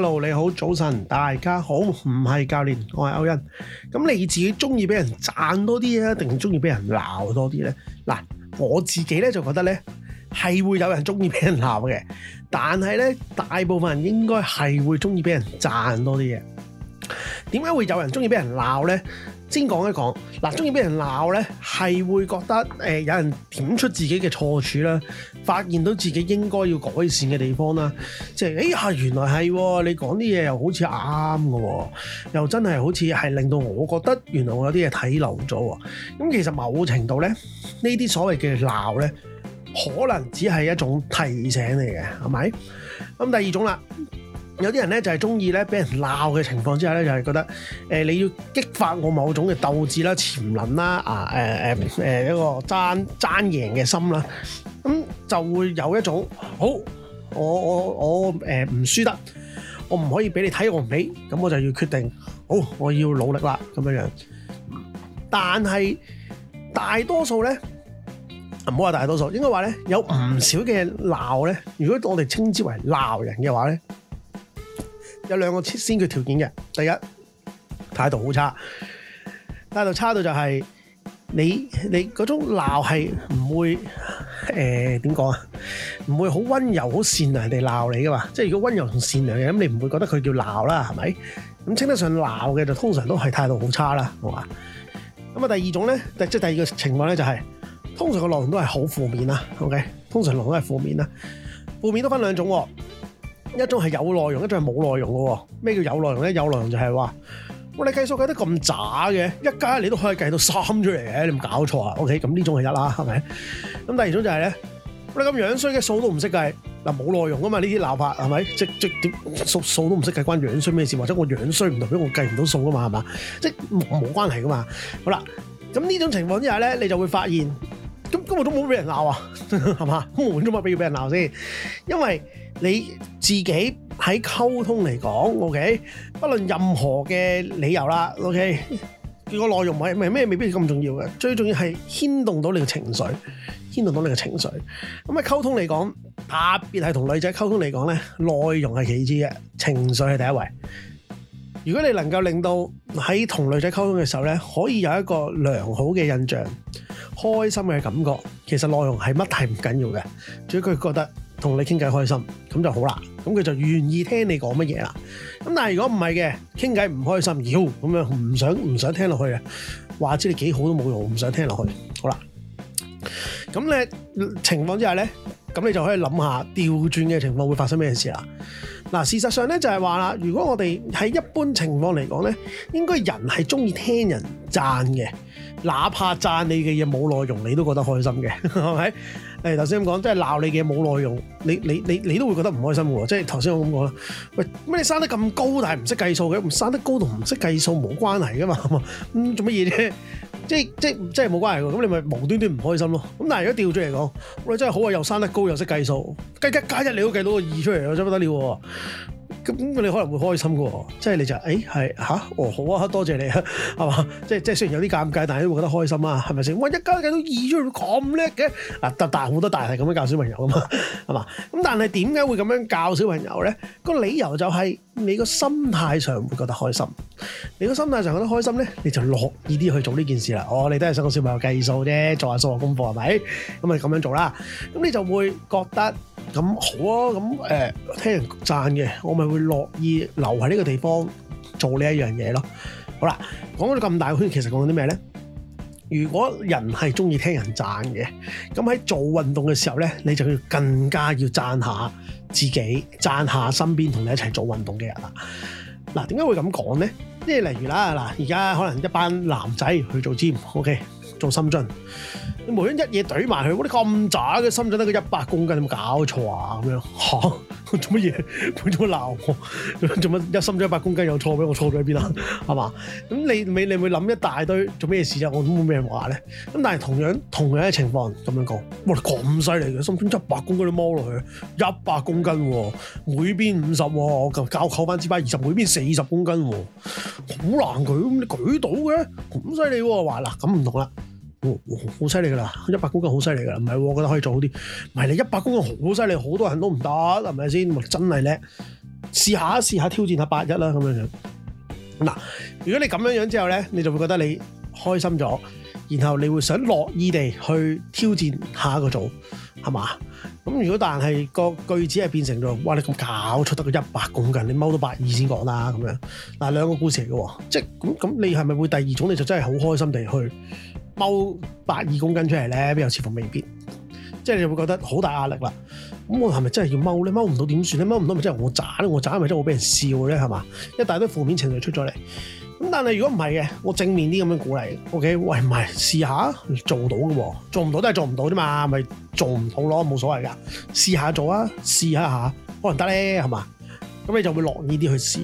Hello，你好，早晨，大家好，唔係教練，我係歐恩。咁你自己中意俾人讚多啲啊，定係中意俾人鬧多啲呢？嗱，我自己咧就覺得呢係會有人中意俾人鬧嘅，但係呢大部分人應該係會中意俾人讚多啲嘢。點解會有人中意俾人鬧呢？先講一講，嗱，中意俾人鬧咧，係會覺得誒有人點出自己嘅錯處啦，發現到自己應該要改善嘅地方啦，即係，哎呀，原來係喎，你講啲嘢又好似啱㗎，又真係好似係令到我覺得原來我有啲嘢睇漏咗。咁其實某程度咧，呢啲所謂嘅鬧咧，可能只係一種提醒嚟嘅，係咪？咁第二種啦。有啲人咧就係中意咧俾人鬧嘅情況之下咧，就係、是、覺得誒、呃、你要激發我某種嘅鬥志啦、潛能啦啊誒誒誒一個爭爭贏嘅心啦，咁、啊嗯、就會有一種好我我我誒唔、呃、輸得，我唔可以俾你睇我唔起，咁我就要決定好我要努力啦咁樣樣。但係大多數咧，唔好話大多數，應該話咧有唔少嘅鬧咧，如果我哋稱之為鬧人嘅話咧。有兩個先決條件嘅，第一態度好差，態度差到就係、是、你你嗰種鬧係唔會誒點講啊？唔、呃、會好溫柔好善良地鬧你噶嘛？即係如果溫柔同善良嘅咁，你唔會覺得佢叫鬧啦，係咪？咁稱得上鬧嘅就通常都係態度好差啦，好嘛？咁啊，第二種咧，即係第二個情況咧、就是，就係通常個內容都係好負面啦。OK，通常內容都係負面啦，負面都分兩種。一種係有內容，一種係冇內容嘅喎。咩叫有內容咧？有內容就係話，你計數計得咁渣嘅，一加一你都可以計到三出嚟嘅，你唔搞錯啊？OK，咁呢種係一啦，係咪？咁第二種就係、是、咧，你咁樣衰嘅數都唔識計，嗱冇內容啊嘛，呢啲鬧法係咪？即即點數數都唔識計，關,不關於樣衰咩事？或者我樣衰唔代表我計唔到數啊嘛，係嘛？即冇關係噶嘛。好啦，咁呢種情況之下咧，你就會發現，咁今日都冇俾人鬧啊，係嘛？換咗乜俾要俾人鬧先？因為你自己喺溝通嚟講，OK，不論任何嘅理由啦，OK，個內容唔係係咩，未必咁重要嘅。最重要係牽動到你嘅情緒，牽動到你嘅情緒。咁喺溝通嚟講，特別係同女仔溝通嚟講咧，內容係其次嘅，情緒係第一位。如果你能夠令到喺同女仔溝通嘅時候咧，可以有一個良好嘅印象、開心嘅感覺，其實內容係乜係唔緊要嘅，主要佢覺得。同你傾偈開心咁就好啦，咁佢就願意聽你講乜嘢啦。咁但係如果唔係嘅，傾偈唔開心，妖咁樣唔想唔想聽落去啊！話知你幾好都冇用，唔想聽落去。好啦，咁咧情況之下咧，咁你就可以諗下調轉嘅情況會發生咩事啦。嗱，事實上咧就係話啦，如果我哋喺一般情況嚟講咧，應該人係中意聽人讚嘅，哪怕讚你嘅嘢冇內容，你都覺得開心嘅，係咪？誒頭先咁講，即係鬧你嘅冇內容，你你你你都會覺得唔開心喎。即係頭先我咁講啦，喂，咩你生得咁高，但係唔識計數嘅？生得高同唔識計數冇關係㗎嘛，咁、嗯、做乜嘢啫？即係即係即係冇關係嘅。咁你咪無端端唔開心咯。咁但係如果調轉嚟講，喂，真係好啊，又生得高又識計數，計一加一你都計到個二出嚟啊，真係不得了喎！咁你可能會開心嘅喎，即係你就誒係吓，哦好啊，多謝你啊，係嘛？即係即係雖然有啲尷尬，但係都會覺得開心啊，係咪先？哇！一家人都易咗咁叻嘅，嗱，但係好多大人係咁樣教小朋友啊嘛，係嘛？咁但係點解會咁樣教小朋友咧？個理由就係你個心態上會覺得開心，你個心態上覺得開心咧，你就樂意啲去做呢件事啦。哦，你都係想個小朋友計數啫，做下數學功課係咪？咁咪咁樣做啦。咁你就會覺得。咁好啊，咁誒聽人讚嘅，我咪會樂意留喺呢個地方做呢一樣嘢咯。好啦，講咗咁大圈，其實講緊啲咩咧？如果人係中意聽人讚嘅，咁喺做運動嘅時候咧，你就要更加要讚下自己，讚下身邊同你一齊做運動嘅人啦。嗱，點解會咁講咧？即係例如啦，嗱，而家可能一班男仔去做 gym OK 做深圳，你無端一嘢懟埋佢，我哋咁渣嘅深圳得個一百公斤，有冇搞錯啊？咁樣嚇，做乜嘢？佢做乜鬧我？做乜一深圳一百公斤有錯咩？我錯咗喺邊啊？係嘛？咁你你你會諗一大堆做咩事啊？我都冇咩話咧。咁但係同樣同樣嘅情況咁樣講，我哋咁犀利嘅深圳一百公斤都摸落去，一百公斤喎、啊，每邊五十喎，我教扣翻二百二十，每邊四十公斤喎、啊，好難舉咁你舉到嘅咁犀利喎，話嗱咁唔同啦。好犀利噶啦，一百公斤好犀利噶啦，唔係我覺得可以做好啲。唔係你一百公斤好犀利，好多人都唔得，係咪先？真係叻，試下試下挑戰一下八一啦，咁樣樣。嗱、啊，如果你咁樣樣之後咧，你就會覺得你開心咗，然後你會想樂意地去挑戰下一個組，係嘛？咁如果但係個句子係變成咗，哇！你咁搞出得個一百公斤，你踎到八二先講啦，咁樣嗱，兩、啊、個故事嚟嘅，即係咁咁，你係咪會第二種？你就真係好開心地去。踎八二公斤出嚟咧，邊有似乎未必，即係你會覺得好大壓力啦。咁我係咪真係要踎咧？踎唔到點算咧？踎唔到咪真係我渣，我渣咪真係會俾人笑咧，係嘛？一大堆負面情緒出咗嚟。咁但係如果唔係嘅，我正面啲咁樣鼓勵，OK，喂，唔係試下做到嘅喎，做唔到都係做唔到啫嘛，咪做唔到咯，冇所謂噶，試下做啊，試下下可能得咧，係嘛？咁你就會樂意啲去試。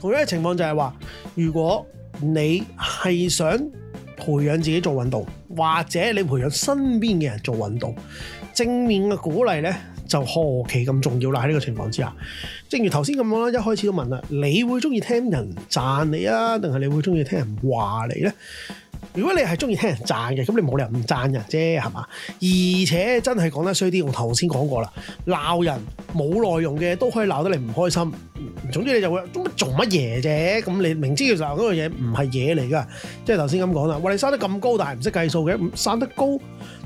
同樣嘅情況就係話，如果你係想。培養自己做運動，或者你培養身邊嘅人做運動，正面嘅鼓勵呢就何其咁重要啦！喺呢個情況之下，正如頭先咁樣啦，一開始都問啦，你會中意聽人讚你啊，定係你會中意聽人話你呢？如果你係中意聽人讚嘅，咁你冇理由唔讚人啫，係嘛？而且真係講得衰啲，我頭先講過啦，鬧人冇內容嘅都可以鬧得你唔開心。總之你就會做乜做乜嘢啫？咁你明知佢就係嗰樣嘢唔係嘢嚟噶，即係頭先咁講啦。話你生得咁高，但係唔識計數嘅，生得高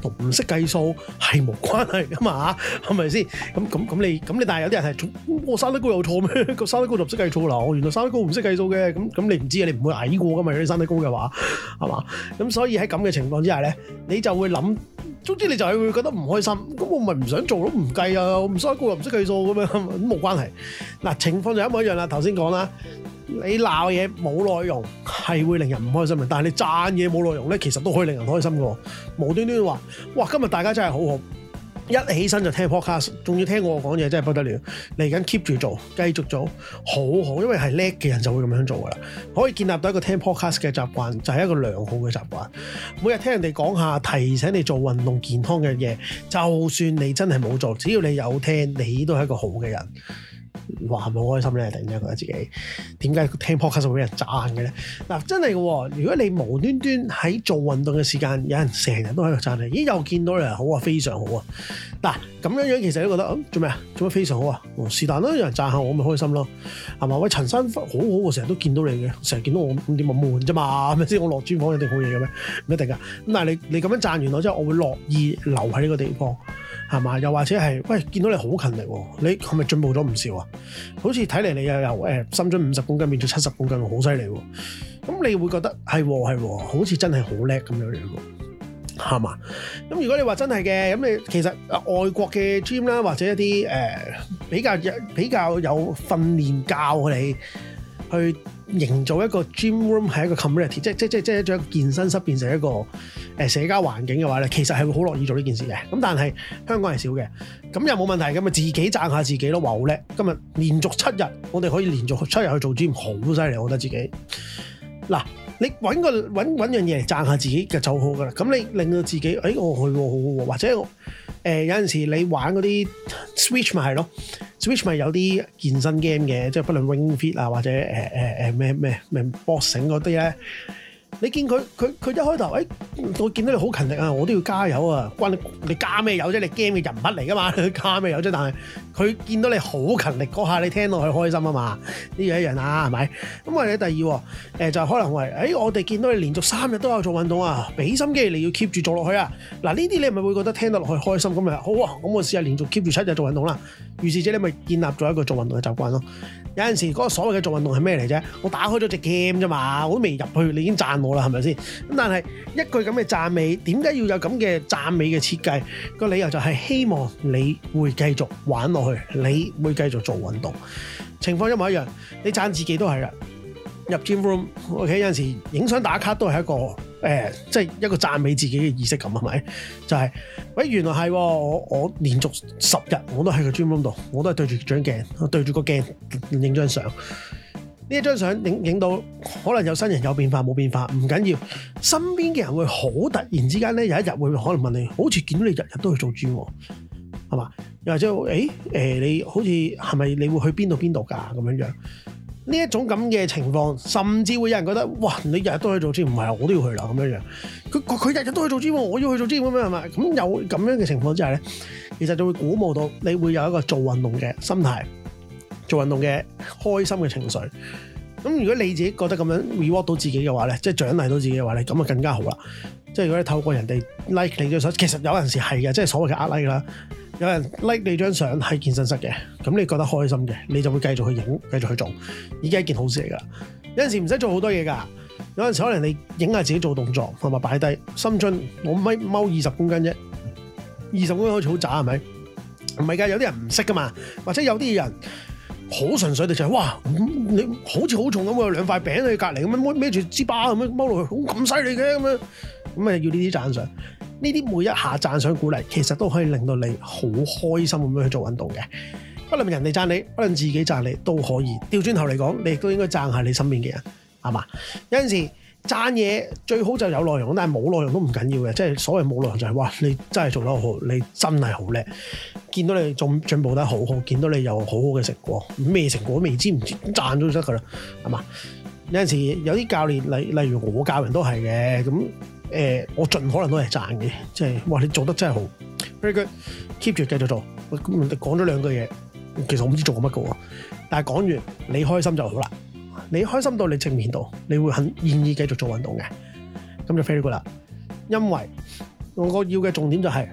同唔識計數係冇關係噶嘛？係咪先？咁咁咁你咁你，但係有啲人係，我生得高有錯咩？個生得高就唔識計數啦。我原來生得高唔識計數嘅，咁咁你唔知啊，你唔會矮過噶嘛。如果你生得高嘅話，係嘛？咁所以喺咁嘅情況之下咧，你就會諗。總之你就係會覺得唔開心，咁我咪唔想做咯，唔計啊，我唔識估又唔識計數咁樣，咁冇關係。嗱，情況就一模一樣啦。頭先講啦，你鬧嘢冇內容係會令人唔開心嘅，但係你讚嘢冇內容咧，其實都可以令人開心嘅。無端端話，哇，今日大家真係好好。」一起身就聽 podcast，仲要聽我講嘢真係不得了。嚟緊 keep 住做，繼續做，好好，因為係叻嘅人就會咁樣做㗎啦。可以建立到一個聽 podcast 嘅習慣，就係一個良好嘅習慣。每日聽人哋講下，提醒你做運動、健康嘅嘢，就算你真係冇做，只要你有聽，你都係一個好嘅人。話係咪好開心咧？突然之間覺得自己點解聽 podcast 會俾人讚嘅咧？嗱、啊，真係嘅喎！如果你無端端喺做運動嘅時間，有人成日都喺度讚你，咦？又見到你好啊，非常好啊！嗱、啊，咁樣樣其實都覺得做咩啊？做咩非常好啊？是但咯，有人讚下我，咪開心咯、啊，係、啊、嘛？喂，陳生好好喎，成日都見到你嘅，成日見到我，咁點啊悶啫嘛？咁啊，知我落專房一定好嘢嘅咩？唔一定㗎。咁但係你你咁樣讚完我之後，我會樂意留喺呢個地方。係嘛？又或者係喂，見到你好勤力、喎，你係咪進步咗唔少啊？好似睇嚟你又由、呃、深蹲五十公斤變咗七十公斤，好犀利喎！咁你會覺得係喎係喎，好似真係好叻咁樣嘅喎，係嘛？咁如果你話真係嘅，咁你其實、呃、外國嘅 gym 啦，或者一啲、呃、比較有比較有訓練教你。去營造一個 gym room 係一個 community，即係即係即係將一個健身室變成一個誒、欸、社交環境嘅話咧，其實係會好樂意做呢件事嘅。咁但係香港係少嘅，咁又冇問題，咁咪自己讚下自己咯，話好叻。今日連續七日，我哋可以連續七日去做 gym，好犀利，我覺得自己。嗱，你揾個揾揾樣嘢嚟讚下自己就好㗎喇。咁你令到自己，誒、欸、我去好好，或者我。誒、呃、有陣時你玩嗰啲 Switch 咪係咯，Switch 咪有啲健身 game 嘅，即係不論 Ring Fit 啊或者誒誒誒咩咩咩 boxing 嗰啲咧，你見佢佢佢一開頭誒、欸，我見到你好勤力啊，我都要加油啊，關你你加咩油啫？你 game 嘅人物嚟㗎嘛，加咩油啫？但係。佢見到你好勤力嗰下，你聽落去開心啊嘛，呢樣一樣啊，係咪？咁我哋第二，喎，就可能係，誒、欸、我哋見到你連續三日都有做運動啊，俾心機，要你要 keep 住做落去啊。嗱呢啲你係咪會覺得聽得落去開心？咁咪好啊，咁我試下連續 keep 住七日做運動啦。於是者，你咪建立咗一個做運動嘅習慣咯。有陣時嗰個所謂嘅做運動係咩嚟啫？我打開咗隻 game 咋嘛，我都未入去，你已經讚我啦，係咪先？咁但係一句咁嘅讚美，點解要有咁嘅讚美嘅設計？個理由就係希望你會繼續玩我。去，你會繼續做運動，情況一模一樣。你讚自己都係啦，入 gym room，OK？有陣時影相打卡都係一個誒、欸，即係一個讚美自己嘅意識感，係咪？就係、是、喂，原來係我我連續十日我都喺個 gym room 度，我都係對住張鏡，對住個鏡影張相。呢一張相影影到可能有新人有變化冇變化唔緊要，身邊嘅人會好突然之間咧，有一日會可能問你，好似見到你日日都去做 gym。係嘛？又或者誒誒，呃，你好似係咪你會去邊度邊度噶咁樣樣？呢一種咁嘅情況，甚至會有人覺得哇！你日日都去做 gym，唔係我都要去啦咁樣樣。佢佢日日都去做 gym，我要去做 gym 咁樣係咪？咁有咁樣嘅情況之下咧，其實就會鼓舞到你會有一個做運動嘅心態，做運動嘅開心嘅情緒。咁如果你自己覺得咁樣 reward 到自己嘅話咧，即係獎勵到自己嘅話咧，咁啊更加好啦。即係如果你透過人哋 like 你嘅時候，其實有陣時係嘅，即係所謂嘅額 like 噶。有人 like 你張相喺健身室嘅，咁你覺得開心嘅，你就會繼續去影，繼續去做，依家係一件好事嚟㗎喇。有陣時唔使做好多嘢㗎，有陣時可能你影下自己做動作，係咪？擺低，心諗我咪踎二十公斤啫，二十公斤好似好渣係咪？唔係㗎，有啲人唔識㗎嘛，或者有啲人好純粹就係、是、哇，你好似好重咁有兩塊餅喺隔離咁樣孭住支巴咁樣踎落去，好咁犀利嘅咁樣，咁啊要呢啲讚賞。呢啲每一下讚賞鼓勵，其實都可以令到你好開心咁樣去做運動嘅。不論人哋讚你，不論自己讚你都可以。調轉頭嚟講，你亦都應該讚下你身邊嘅人，係嘛？有陣時讚嘢最好就有內容，但係冇內容都唔緊要嘅，即係所謂沒有冇內容就係、是、哇！你真係做得好好，你真係好叻。見到你仲進步得好好，見到你有好好嘅成果，咩成果都未知唔知，讚咗就得噶啦，係嘛？有陣時有啲教練，例例如我教人都係嘅咁。誒，我盡可能都係讚嘅，即係哇！你做得真係好，very good，keep 住繼續做。我咁，我講咗兩句嘢，其實我唔知做過乜嘅喎。但係講完，你開心就好啦。你開心到你正面度，你會很願意繼續做運動嘅。咁就 very good 啦，因為我要嘅重點就係、是，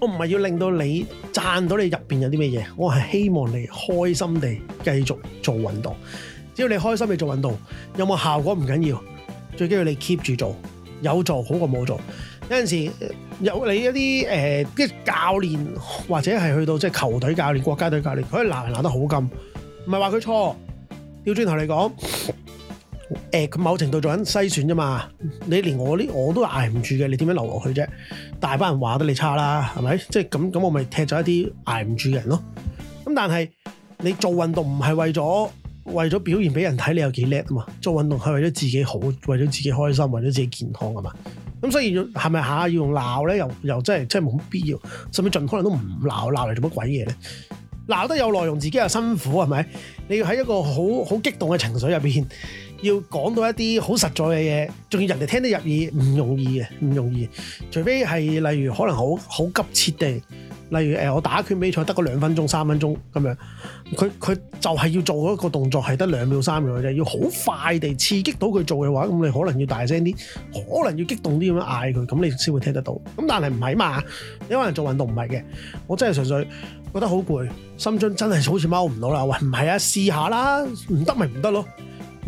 我唔係要令到你讚到你入邊有啲咩嘢，我係希望你開心地繼續做運動。只要你開心地做運動有冇效果唔緊要，最緊要你 keep 住做。有做好過冇做，有陣時候有你一啲誒啲教練或者係去到即係、就是、球隊教練、國家隊教練，佢鬧人鬧得好咁，唔係話佢錯。掉轉頭嚟講，誒、呃、佢某程度做緊篩選啫嘛。你連我呢我都捱唔住嘅，你點樣留落去啫？大班人話得你差啦，係咪？即係咁咁，我咪踢咗一啲捱唔住嘅人咯。咁但係你做運動唔係為咗。為咗表現俾人睇，你有幾叻啊嘛！做運動係為咗自己好，為咗自己開心，為咗自己健康啊嘛！咁所以要係咪下要用鬧咧？又又真係真係冇必要，甚至盡可能都唔鬧，鬧嚟做乜鬼嘢咧？鬧得有內容，自己又辛苦係咪？你要喺一個好好激動嘅情緒入邊。要講到一啲好實在嘅嘢，仲要人哋聽得入耳，唔容易嘅，唔容易。除非係例如可能好好急切地，例如、呃、我打拳比賽得個兩分鐘、三分鐘咁樣，佢佢就係要做一個動作係得兩秒、三秒嘅啫，要好快地刺激到佢做嘅話，咁你可能要大聲啲，可能要激動啲咁樣嗌佢，咁你先會聽得到。咁但係唔係嘛？因為人做運動唔係嘅，我真係純粹覺得好攰，心津真係好似踎唔到啦。喂，唔係啊，試下啦，唔得咪唔得咯。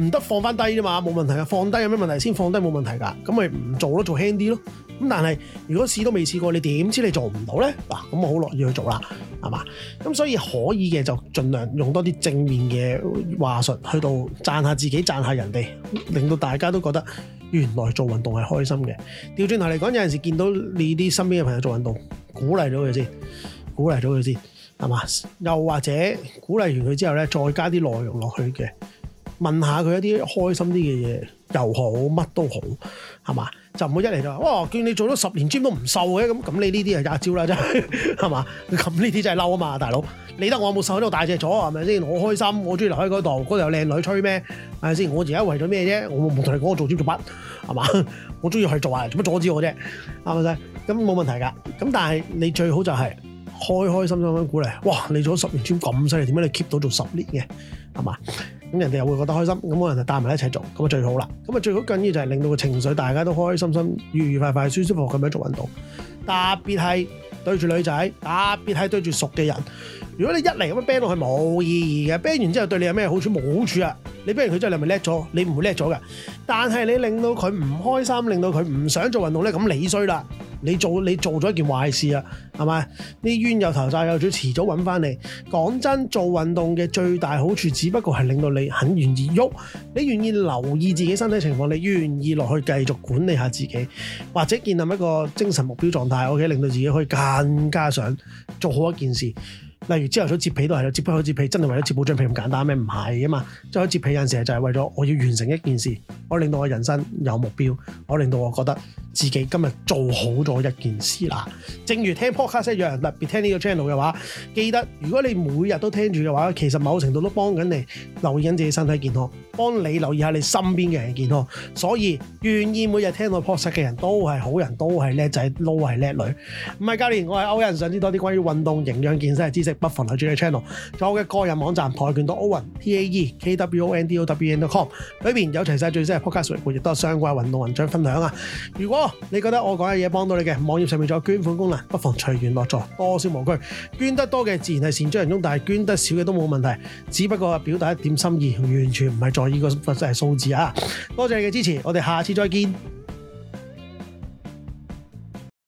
唔得放翻低啫嘛，冇問題啊！放低有咩問題先？放低冇問題噶，咁咪唔做咯，做輕啲咯。咁但係如果試都未試過，你點知你做唔到呢？嗱，咁我好樂意去做啦，係嘛？咁所以可以嘅就儘量用多啲正面嘅話術去到讚下自己，讚下人哋，令到大家都覺得原來做運動係開心嘅。調轉頭嚟講，有陣時見到你啲身邊嘅朋友做運動，鼓勵咗佢先，鼓勵咗佢先，係嘛？又或者鼓勵完佢之後呢，再加啲內容落去嘅。問下佢一啲開心啲嘅嘢又好，乜都好係嘛？就唔好一嚟就話哇，叫你做咗十年 gym 都唔瘦嘅咁咁，你呢啲係假招啦，真係係嘛？咁呢啲真係嬲啊嘛，大佬理得我，我有冇瘦喺度大隻咗係咪先？我開心，我中意留喺嗰度，嗰度有靚女吹咩係咪先？我而家為咗咩啫？我冇同你講我做 gym 做乜係嘛？我中意去做啊，做乜阻止我啫？啱唔啱先？咁冇問題㗎。咁但係你最好就係開開心心咁鼓勵哇！你做咗十年 gym 咁犀利，點解你 keep 到做十年嘅？係嘛？咁人哋又會覺得開心，咁可能就帶埋一齊做，咁啊最好啦。咁啊最好，緊要就係令到個情緒大家都開開心心、愉愉快快、舒舒服服咁樣做運動。特別係對住女仔，特別係對住熟嘅人。如果你一嚟咁樣 ban 落去，冇意義嘅。ban 完之後對你有咩好處？冇好處啊！你，人是不是你不如佢真係咪叻咗？你唔會叻咗嘅。但係你令到佢唔開心，令到佢唔想做運動呢，咁你衰啦！你做你做咗一件壞事啊，係咪？呢，冤有頭，債有主，遲早揾翻嚟。講真，做運動嘅最大好處，只不過係令到你很願意喐，你願意留意自己身體情況，你願意落去繼續管理下自己，或者建立一個精神目標狀態，OK，令到自己可以更加想做好一件事。例如朝頭早摺被都係咯，摺開好摺被真係為咗摺保障被咁簡單咩？唔係啊嘛，即係摺被有陣時就係為咗我要完成一件事，我令到我人生有目標，我令到我覺得自己今日做好咗一件事啦。正如聽 podcast 一樣，特別聽呢個 channel 嘅話，記得如果你每日都聽住嘅話，其實某程度都幫緊你留意緊自己身體健康，幫你留意下你身邊嘅人嘅健康。所以願意每日聽到 podcast 嘅人都係好人，都係叻仔，都係叻女。唔係，教練，我係歐恩，想知道多啲關於運動、營養、健身嘅知識不妨留住你個 channel，仲有我嘅個人網站跆拳道歐恩 t a e k w o n d o w n dot com 裏邊有齊晒最新嘅 podcast 節目，亦都有相關運動文章分享啊。如果你覺得我講嘅嘢幫到你嘅，網頁上面仲有捐款功能，不妨隨緣樂助，多少無拘。捐得多嘅自然係善長仁翁，但係捐得少嘅都冇問題。只不過表達一點心意，完全唔係在意個實際數字啊。多謝你嘅支持，我哋下次再見。